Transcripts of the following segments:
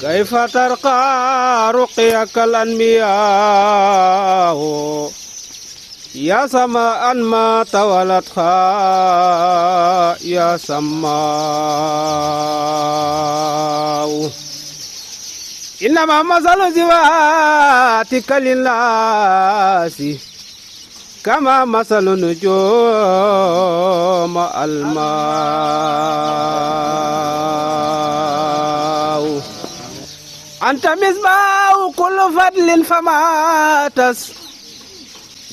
كيف ترقى رقيك الأنبياء يا سماء ما تولتها يا سماء إنما مثل زواتك للناس كما مثل نجوم الماء أنت مزماء كل فضل فما تس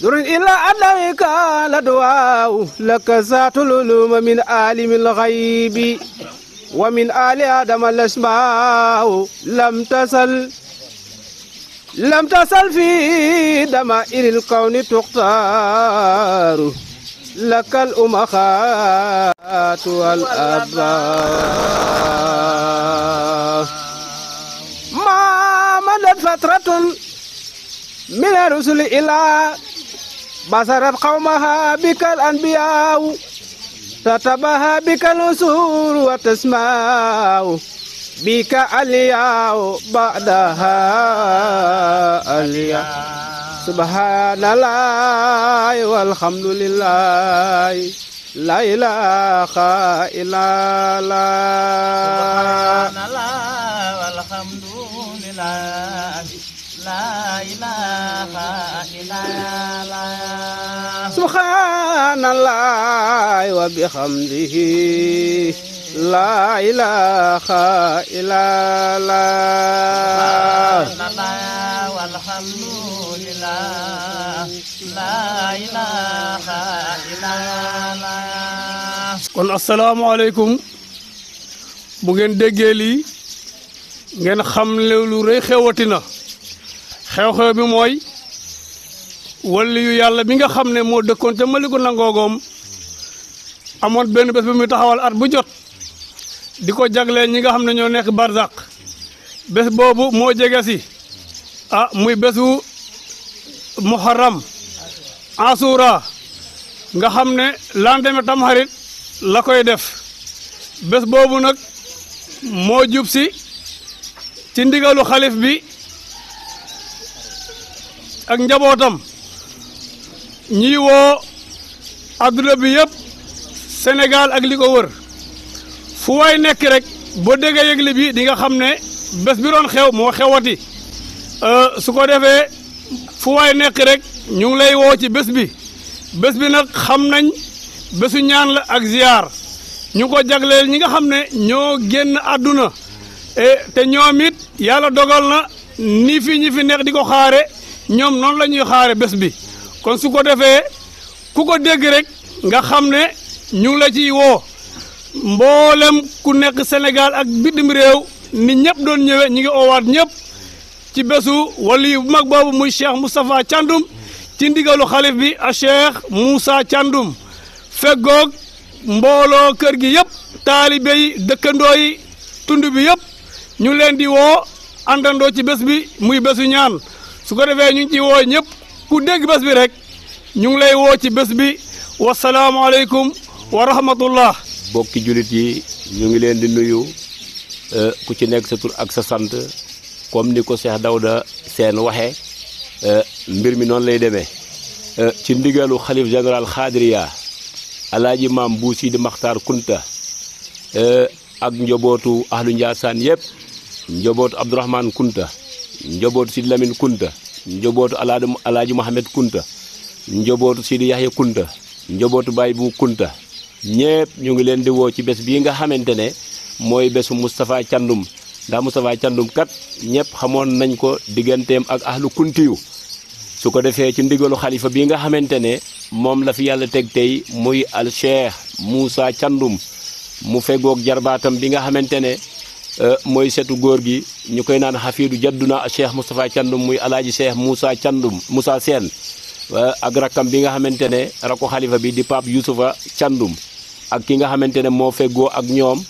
در إلى أنك لدواء لك ذات العلوم من عالم الغيب ومن آل آدم الأسماء لم تسل لم تسل في دمائر الكون تختار لك الأمخات والأباء فترة من الرسل إلى بصرت قومها بك الأنبياء تتبها بك الأسور وتسمع بك ألياء بعدها ألياء سبحان الله والحمد لله لا إله إلا الله سبحان الله والحمد لله لا إله إلا الله سبحان الله وبحمده لا إله إلا الله والحمد لله لا إله إلا الله kon asalaamaaleykum bu ngeen déggee lii ngeen xam lu rëy xewatina xew-xew bi mooy waliyu yàlla bi nga xam ne moo dëkkoon te maliku nangoogoom amoon benn bés bu muy taxawal at bu jot di ko jaglee ñi nga xam ne ñoo nekk barzak bés boobu moo jege si a ah muy bésu muharram asura nga xam ne lendemain tam tamxarit la koy def bés boobu nag moo jub si ci ndigalu xalif bi ak njabootam ñi woo adduna bi yëpp senegal ak li ko wër fu waay nekk rek boo déggee yëgle bi di nga xam ne bés bi doon xew moo xewati euh, su ko defee fu waay nekk rek ñu lay woo ci bés bi bés bi nag xam nañ bésu ñaan la ak ziar ñu ko jagleel ñi nga xam ne ñoo génn àdduna te ñoom it yàlla dogal na ni fi ñi fi nekk di ko xaare ñoom noonu la ñuy xaare bés bi kon su ko defee ku ko dégg rek nga xam ne ñu ngi la ciy woo mboolem ku nekk senegal ak bitim réew ni ñëpp doon ñëwee ñu ngi owaat ñëpp ci bésu wali bu mag boobu muy Cheikh Moustapha Thiandoum ci ndigalu xalif bi a Cheikh Moussa Thiandoum feggoog mbooloo kër gi yëpp taalibe yi dëkkandoo yi tund bi yëpp ñu leen di woo àndandoo ci bés bi muy bésu ñaan su ko defee ñu ngi woo ñëpp ku dégg bés bi rek ñu ngi lay woo ci bés bi wasalaamaaleykum wa rahmatullah bokki julit yi ñu ngi leen di nuyu e, ku ci nekk sa tur ak sa sant comme ni ko Cheikh dawda Sène waxee mbir mi noonu lay demee e, ci ndigalu xalif général xaadiriya alaaji maam bu Sidi Maxtaar Kunta e, ak njobootu ahlu Njaasaan yëpp njobootu Abdourahman Kunta njobootu Sidi Lamine Kunta njobootu alaad alaaji Mohamed Kunta njobootu Sidi Yaxya Kunta njobootu Baay bu Kunta ñëpp ñu ngi leen di woo ci bés bii nga xamante ne mooy bésu Moustapha candum ndax Moustapha Thiandoum kat ñëpp xamoon nañ ko digganteem ak ahlu kuntiyu su ko defee ci ndigalu xalifa bii nga xamante ne moom la fi yàlla teg tey muy al Cheikh muusa candum mu fegoog jarbaatam bi nga xamante ne Euh, mooy setu góor gi ñu koy naan xafiidu jadduna Cheikh Moustapha Thiandoum muy alaaji Cheikh Moussa Thiandoum Moussa Sène euh, ak rakkam bi nga xamante ne rakku xalifa bi di Pape Youssoufa Thiandoum ak ki nga xamante ne moo feggoo ak ñoom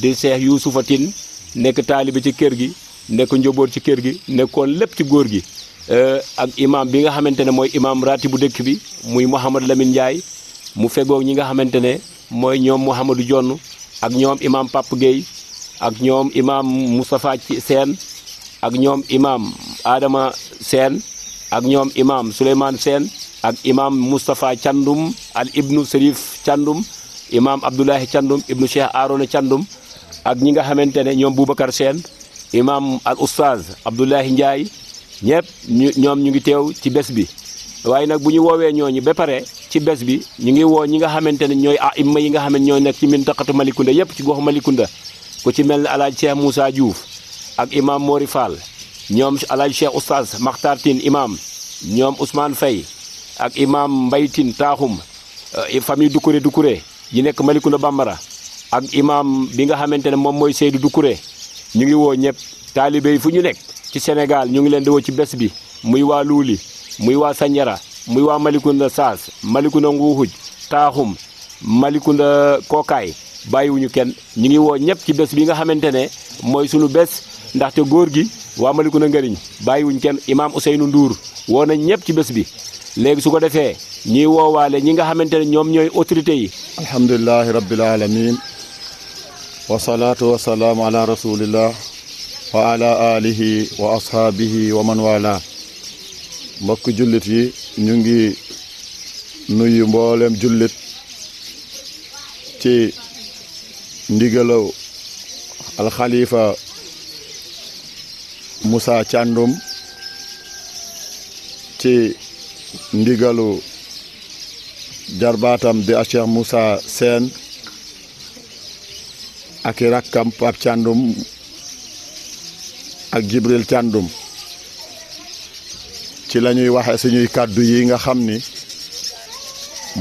di Cheikh Youssoufa Tine nekk taalibe ci kër gi nekk njaboot ci kër gi nekkoon lépp ci góor gi euh, ak imam bi nga xamante ne mooy imam raati bu dëkk bi muy Mouhamad Lamine Ndiaye mu fegoog ñi nga xamante ne mooy ñoom Mouhamadou Jonn ak ñoom imam Pape Gueye ak ñoom imaam Moustapha seen ak ñoom imaam aadama seen ak ñoom imaam Souleymane seen ak imaam Moustapha Thiandoum al ibnu Serif Thiandoum imaam Abdoulahi Thiandoum ibnu Cheikh Arona Thiandoum ak ñi nga xamante ne ñoom Boubacar Sène imaam al oustaz Abdoulahi Ndiaye ñëpp ñoom ñu ngi teew ci bés bi waaye nag bu ñu woowee ñooñu ba pare ci bés bi ñu ngi woo ñi nga xamante ne ñooy a imma yi nga xam ne ñooy nekk ci taqatu Malicounda yëpp ci goxu Malicounda ku ci mel ne El Hadj Cheikh Moussa Diouf ak imam Mori ñoom El Hadj Cheikh Oustaz Makhtar Tine ñoom Ousmane Faye ak imam Mbaye Tine Taaxum euh, famille Doucouré Doucouré yi nekk Malikounda Bambara ak imam bi nga xamante ne moom mooy du Doucouré ñu ngi woo ñëpp taalibe fu ñu nekk ci Sénégal ñu ngi leen di woo ci bés bi muy waa Luuli muy waa Sanjara muy waa Malikounda Saas Malikounda Nguuxuj Taaxum Malikounda Kookaay bàyyiwuñu kenn ñu ngi woo ñëpp ci bés bi nga xamante ne mooy sunu bés ndaxte góor gi waa na Ngëriñ bàyyiwuñ kenn imaam Ousseynou Ndour woo nañ ñëpp ci bés bi léegi su ko defee ñuy woowaale ñi nga xamante ne ñoom ñooy autorité yi alhamdulilahi rabbil alamin wa salaatu wa salaam ala rasulillah wa ala alihi wa ashaabihi wa man wala mbokk jullit yi ñu ngi nuyu mboolem jullit ci ndigalaw alxalifa Moussa Thiandoum ci ndigalu jarbaatam di a Cheikh seen Sène ak i rakkam Pape Thiandoum ak Jibril Thiandoum ci lañuy ñuy waxe suñuy kàddu yi nga xam ni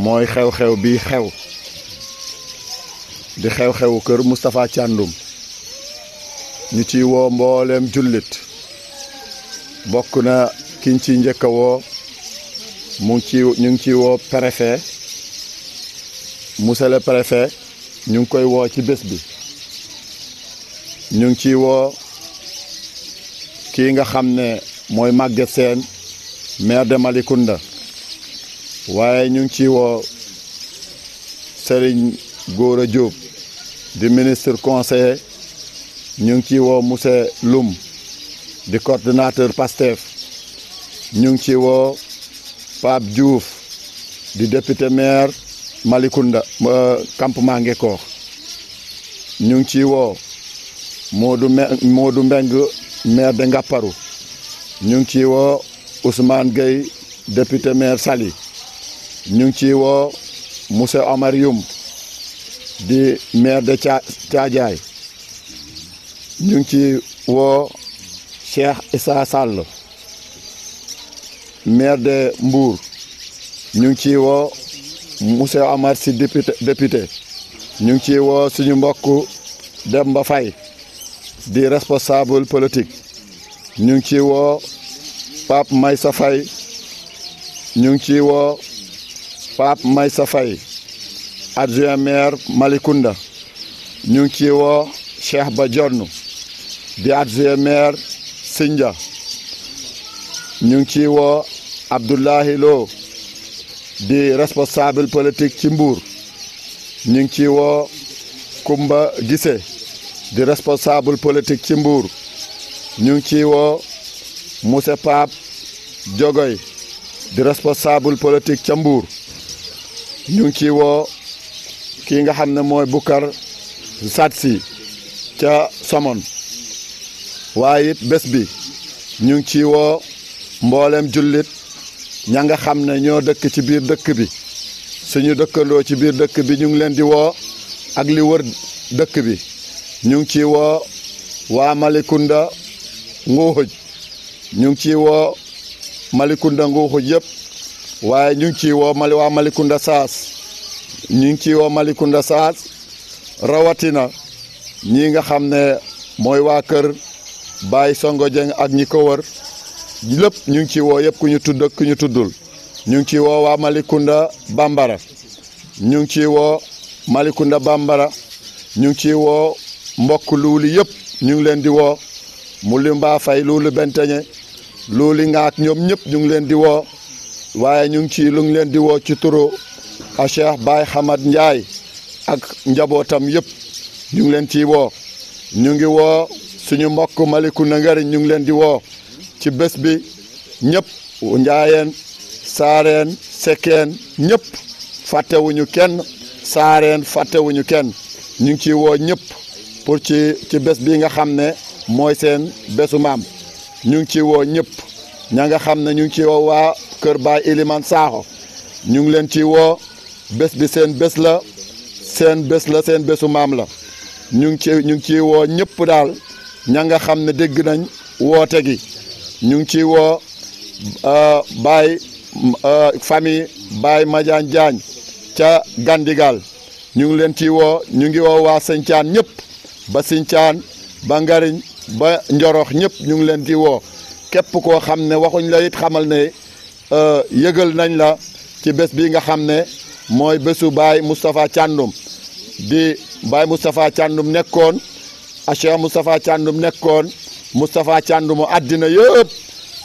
mooy xew-xew bi xew di xew xew kër Moustapha Thiandoum ñu ciy woo mbooleem jullit bokk na kiñ ciy njëkk a woo mu ci ñu ngi ciy woo préfet monsieur le préfet ñu ngi koy woo ci bés bi ñu ngi ciy woo kii nga xam ne mooy Maguette seen maire de Malicounda waaye ñu ngi woo Serigne a Diop di ministre conseiller ñu ngi ciy woo monsieur Loum di coordonnateur PASTEF ñu ngi ciy woo Pape Diouf di député maire Malicounda euh, campement Ngekoox ñu ngi ciy woo Modou Modou Mbengue maire de Ngapparu ñu ngi ciy woo Ousmane Gueye député maire Saly ñu ngi ciy woo monsieur Omar Youm di maire de Thiadiaye ñu ngi ci woo Cheikh Issa Sall maire de Mbour ñu ngi ciy woo monsieur Amar Sy député député ñu ngi ciy woo suñu mbokk Demba Faye di responsable politique ñu ngi ciy woo Pape Maysa Faye ñu ngi ciy woo Pape Maysa Faye adjoint maire Malicounda ñu ngi ci woo Cheikh Badiane di adjoint maire Sindia ñu ngi ci woo Abdoulahi Lo di responsable politique ci Mbour ñu ngi ci woo Kumba Gise di responsable politique ci Mbour ñu ngi ci woo Moussa Jogoy di responsable politique ca Mbour ñu ngi ciy woo kii nga xam ne mooy Bukar Satsi ca Somone waaye bés bi ñu ngi ci woo mboolem jullit ña nga xam ne ñoo dëkk ci biir dëkk bi suñu dëkkandoo ci biir dëkk bi ñu ngi leen di woo ak li wër dëkk bi ñu ngi ci woo waa Malikunda Nguuxuj ñu ngi ci woo Malikunda Nguuxuj yëpp waaye ñu ngi ci woo mali waa Malikunda Saas ñu ngi ci woo Malicounda Saas rawatina ñii nga xam ne mooy waa kër Baye Songo Dieng ak ñi ko wër lépp ñu ngi ci woo yëpp ku ñu tudd ku ñu tuddul ñu ngi ci woo waa Malicounda Bambara ñu ngi ci woo Malicounda Bambara ñu ngi ci woo mbokk luuli yëpp ñu ngi leen di woo mu li mbaa fay luuli benteñe luuli ngaak ñoom ñëpp ñu ngi leen di woo waaye ñu ngi ci lu ngi leen di woo ci turu a Cheikh baay Hamad njaay ak njabootam yëpp ñu ngi leen ciy woo ñu ngi woo suñu mbokk Maliku Nangari ñu ngi leen di woo ci bés bi ñëpp njaayeen saareen sekkeen ñëpp fàttewuñu kenn saareen fàttewuñu kenn ñu ngi ciy woo ñëpp pour ci ci bés bi nga xam ne mooy seen bésu maam ñu ngi ciy woo ñëpp ña nga xam ne ñu ngi ciy woo waa Kër Baay Iliman Saaxo ñu bés bi seen bés la seen bés la seen bésu maam la ñu ngi ci ñu ngi ciy woo ñëpp daal ña nga xam ne dégg nañ woote gi ñu ngi ciy woo euh, Baye euh, famille Baye Madiagne Diagne ca Gandigal ñu ngi leen ci woo ñu ngi woo waa Sinthiane ñëpp ba Sinthiane ba Ngariñ ba Njorox ñëpp ñu ngi leen di woo képp koo xam ne waxuñ la it xamal ne euh, yëgal nañ la ci bés bi nga xam ne mooy bésu baay Moustapha Thiandoum di baay Moustapha Thiandoum nekkoon a Cheikh Moustapha Thiandoum nekkoon Moustapha Thiandoum àddina yëpp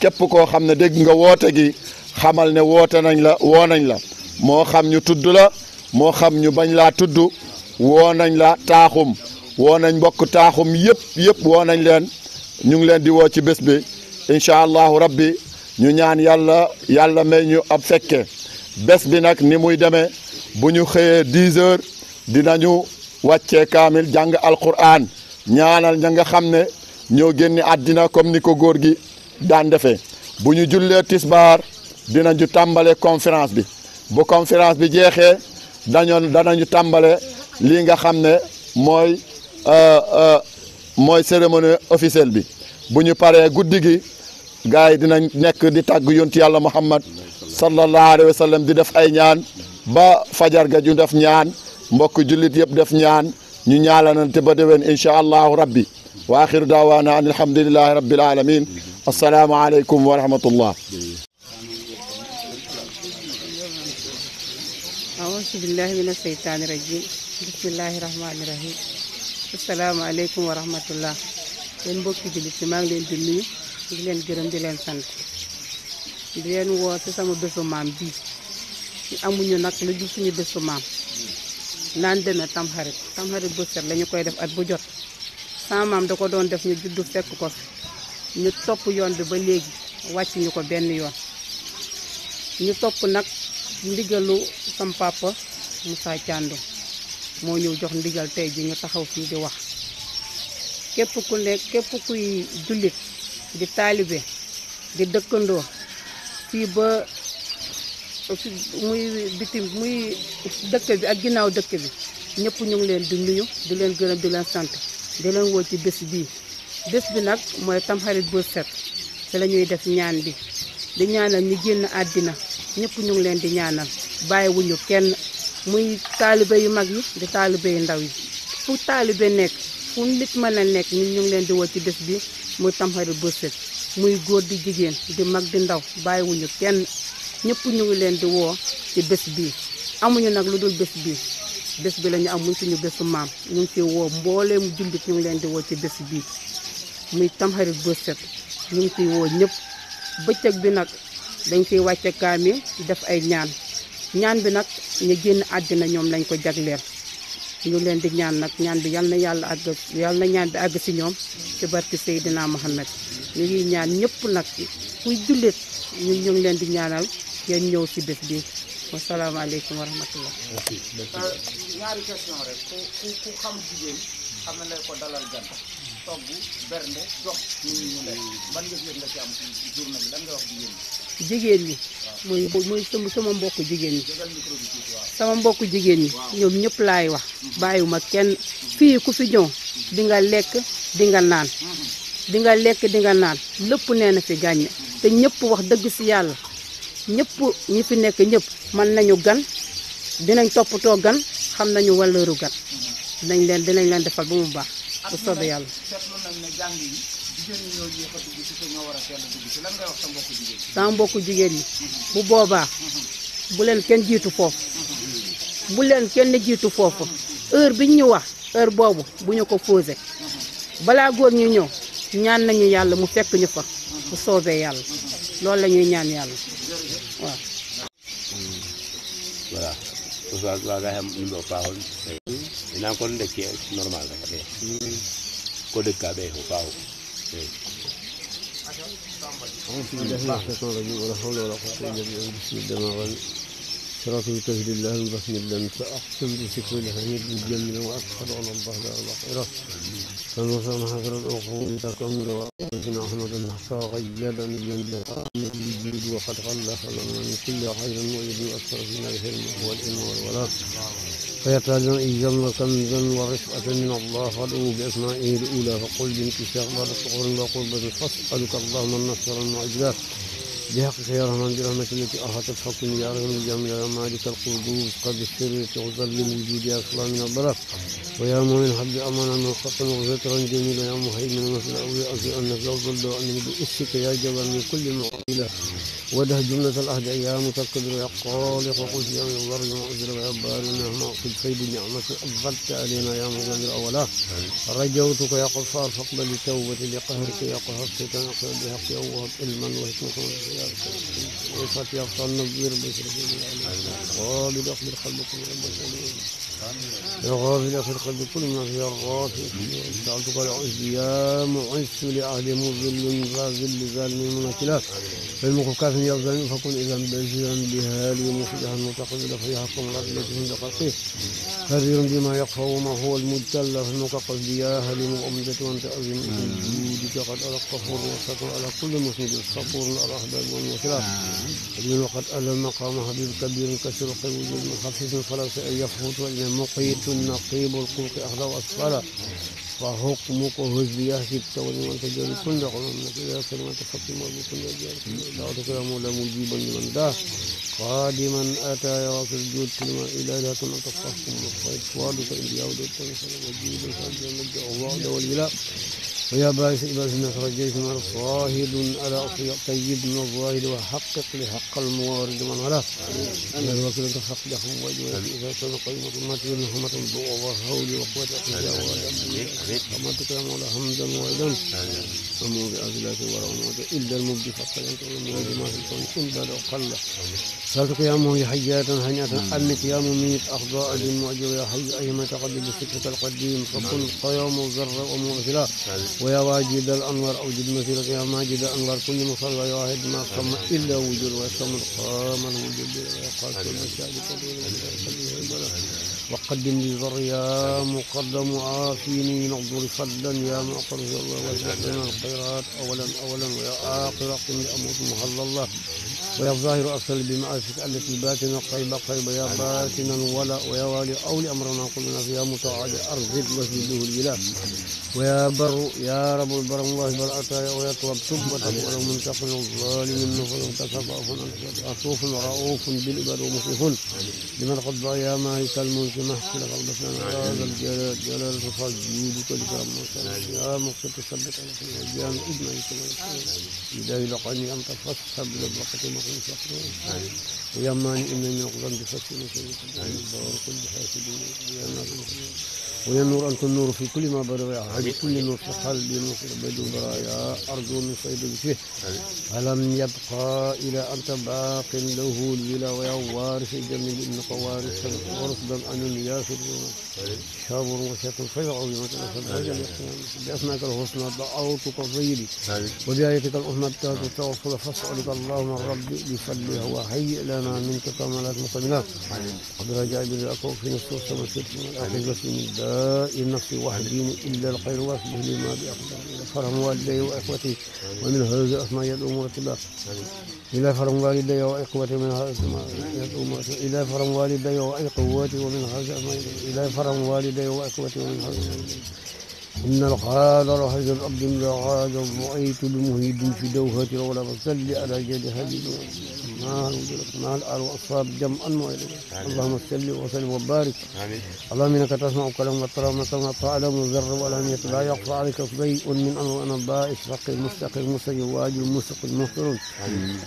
képp koo xam ne dégg nga woote gi xamal ne woote nañ la woo nañ la moo xam ñu tudd la moo xam ñu bañ laa tudd woo nañ la taaxum woo nañ mbokk taaxum yëpp yëpp woo nañ leen ñu ngi leen di woo ci bés bi incha allahu rabbi ñu ñaan yàlla yàlla may ñu ab fekke bés bi nag ni muy demee bu ñu xëyee 10 heures ñu wàccee kaamil jàng alquran ñaanal ña nga xam ne ñoo génne àddina comme ni ko góor gi daan defee bu ñu jullee tisbaar dinañu tàmbalee conférence bi bu conférence bi jeexee dana ñu tàmbale lii nga xam ne mooy euh, euh, mooy cérémonie officielle bi bu ñu paree guddi gi gars yi dinañ nekk di tàgg yonti yàlla Muhammad sallallahu alayhi wa sallam di def ay ñaan ba fajar ga ñu def mbokk jullit yëpp def ñaan ñu ñaalanante ba déwén incha allahu rabbi wa axiru daawaana an alhamdulilahi rabbil alamin assalaamu aleykum wa rahmatullah auzu jullit yi leen di nuyu di leen gërëm di woo ci sama bésu maam bii amuñu nag lu jub suñu bésu maam naan demee tamxarit tamxarit bu set la koy def at bu jot sama da ko doon def ñu juddu fekk ko fi ñu topp yoon bi ba léegi wàcc ñu ko benn yoon ñu topp nag ndigalu sam papa Moussa moo ñëw jox ndigal tey ji ñu taxaw fii di wax képp ku ne képp kuy taalibe di dëkkandoo fii ba muy bitim muy dëkk bi ak ginnaaw dëkk bi ñëpp ñu ngi leen di nuyu di leen gërëm di leen sant di leen woo ci bés bii bés bi nag mooy tamxarit bu set ci la def ñaan bi di ñaanal ñi génn àddina ñëpp ñu ngi leen di ñaanal bàyyiwuñu kenn muy taalibe yu mag yi di taalibe yu ndaw yi fu taalibe nekk fu nit mën a nekk ñun ñu ngi leen di woo ci bés bi muy tamxarit bu set muy góor di jigéen di mag di ndaw bàyyiwuñu kenn ñëpp ñu ngi leen di woo ci bés bii amuñu nag lu dul bés bii bés bi lañu ñu am muy suñu bésu maam ñu ngi ciy woo mbooleem jullit ñu ngi leen di woo ci bés bii muy tamxarit bés set ñu ngi ciy woo ñëpp bëccëg bi nag dañ koy wàcce kaami def ay ñaan ñaan bi nag ñu génn àddina ñoom lañ ko jagleel ñu leen di ñaan nag ñaan bi yal na yàlla àgg yal na ñaan bi àgg si ñoom ci barki Seydina Mohamed ñu ngi ñaan ñëpp nag kuy jullit ñun ñu leen di ñaanal ngeen ñëw si bés bi wasalaamaaleykum wa rahmatullah. ñaari question jigéen xam na lay ñi ñu lekk sama mbokku jigéen ñi. sama mbokku jigéen ñi. ñoom ñëpp laay wax. Mhm. bàyyiwuma kenn fii ku fi ñëw di lekk di nga naan. Mhm. dinga lekk di nga naan lépp nee na fi gàññe te ñëpp wax dëgg si yàlla ñépp ñi fi nekk ñëpp mën nañu gan dinañ toppatoo gan xam nañu wàlleeru gan dinañ leen dinañ leen defal ba mu baax bu soobee yàlla sama mbokku jigéen ñi bu boobaa bu leen kenn jiitu foofu bu leen kenn jiitu foofu heure biñ ñu wax heure boobu bu ñu ko posé balaa góor ñu ñëw ñaan nañu yàlla mu fekk ñu fa bu soobee yàlla loolu la ñuy ñaan yàlla waaw. voilà. ina kon deke normal rek de ko dëkka ɓe o faaw رضيت بالله بصيرا فأحسن بشكر الحميد جميلا وأشهد أن الله لا إله إلا هو حضر العقول تكمل وأن أحمد النحصى غيالا جميلا وأحمد الجود وقد غلق لنا من كل خير ويد أكثر فينا الحلم والعلم والولاء فيتعلم إيجام كنزا ورفعة من الله فادعوا بأسمائه الأولى فقل بانكسار بعد صغر وقربة فاسألك اللهم النصر المعجزات بحق يا رحمن برحمتك أحاطت حكم يا رحمن الجميع يا مالك القدوس قد الشر تغزل للوجود يا أسلام من الضرر ويا مؤمن حب أمان عن الخطر وغفرا جميلا يا مهيمن مثل أولي أزي أنك أفضل دعاء من بإسك يا جبر من كل معقلة ودها جملة الأهد أيام تقدر يقالق وقلت يا من ضر ما أجر ويبارنا ما أقل فيد نعمة أفضلت علينا يا مغنى الأولى رجوتك يا غفار فاقبل توبتي لقهرك يا قهرتك نقل بحق وهب علما وحكمة وفتي أفضل نبير بشرك قال أخبر قلبكم رب العالمين الغافل في القلب كل ما فيها الرافع سألتك العز يا معز لأهل مظل ذا ذل ظالم من خلاف فالمخ كاف يا ظالم فكن إذا بشيرا بها لي مفلحا متقبلا فيحكم رجلة عند خلقه خبير بما يخفى وما هو المجتلى فالمقفز يا هلم أمدة وأنت أذن بجودك قد ألا القفور والشكر على كل مسند الصبور على أحباب والمخلاف وقد ألا المقام حبيب كبير كسر قيود من خفيف فلا شيء يفوت وإنما مقيت نقيب الخلق أخضر أسفل فحكمك هزية في التولي والفجر كل قلوبك إلى كلمة حق مربوط دعوتك يا مولى مجيبا لمن داه قادما أتى يا في الجود كلمة إلهة تفحكم وفيت فؤادك إن يعود التنسل مجيبا فأنت مجد الله والإله ويا بائس إلى سنك رجيت من صاهد ألا أطيع طيب من الظاهر وحقق لحق الموارد من غلط يا الوكيل فقدهم وجوه إذا كان قيمة ما تبين حمة الضوء والهول وقوة أخذها وما تكرم ولا حمدا وايدا أمو بأذلات ورحمة إلا المبدي فقد أنت والموارد ما في الكون إن بل قل سألتك يا أمه حياة هنيئة أنك يا مميت أخضاء للمؤجر يا حي أيما تقدم بفكرك القديم فكن قيام الذرة ومؤثرة ويا واجد الأنوار أوجد مثيرك يا ماجد الأنوار كل مصلى واحد ما قام إلا وجود ويقام قام الوجود ويقاتل المشاهد وقدم لي ذر يا مقدم وعافيني من الضر فضلا يا مؤخر الله وجعلنا الخيرات أولا أولا ويا آخر قم أموت محل الله ويا الظاهر أفصل بمعرفتك التي باطنة قريبة قريبة يا باطنا ولا ويا والي أولي أمرنا كلنا فيا متعالي أرزق واسجد له الإله ويا بر يا رب البر الله بر أتايا ويا توب تب وتب منتقم الظالم نفل تصفف عفوف رؤوف بالعباد ومصلح لمن قد يا مالك الملك محسن قلبنا هذا الجلال جلال فجودك الكرم يا مقصد ثبت على الجان ابن الكمال إذا لقني أنت فاصحب لبركة من فقير يا مانع من يقدم بفتح نصيب يا ناصر ونور أنت النور في كل ما بدويا على كل نور في قلبي نور بدو برايا أرجو من صيدك فيه ألم يبقى إلى أنت باق له الولا ويا وارث جميل إنك وارث ورصدا عن الياسر شابر وشكل فيضع بما تنفذ بأسمائك الحسنى دعوتك الطيب وبآيتك الحسنى ابتغت التوصل فاسألك اللهم ربي بفضلها وهيئ لنا منك كما لا تنصبنا قد رجع بالأكوف في نصوص ومسكت من الأخذ من الدار إن نفسي وحد ديني إلا الخير وأصلح لي ما بأقدر فرهم والدي وإخوتي ومن هذا أسمع يدعو مرتبا إلى فرم والدي وإخوتي ومن هذا يدعو مرتبا إلى فرم والدي وإخوتي ومن هذا إلى فرم والدي وإخوتي ومن هذا إن الخالد رحز الأبد من الخالد رأيت المهيد في دوهة ولا بصلي على جد هدي ما مال آل وأصحاب جمعا وإليك اللهم صل وسلم وبارك اللهم إنك تسمع كلام وترى ما سمع تعلم الذر والأهمية لا يخفى عليك شيء من أمر أنا بائس فقي المستقيم مسجد واجب المسق المحترم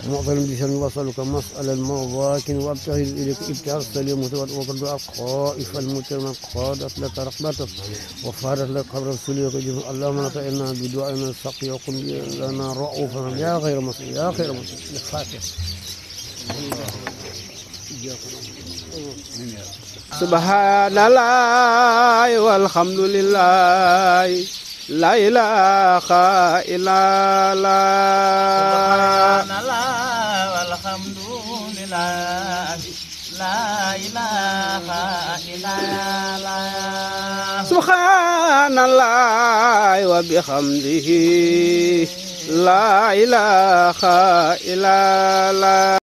معظم بشأن وصلك مسألة المواك وابتهل إليك ابتهال السليم متوت وقد خائف المترم قادت لك رقبتك وفارت لك قبر رسولك اللهم نطعنا بدعائنا السقي وقل لنا رؤوفا يا غير مسلم يا خير مسلم الفاتحة subhanallahi walhamdulillahi la ilaha illallah subhanallahi walhamdulillahi la ilaha illallah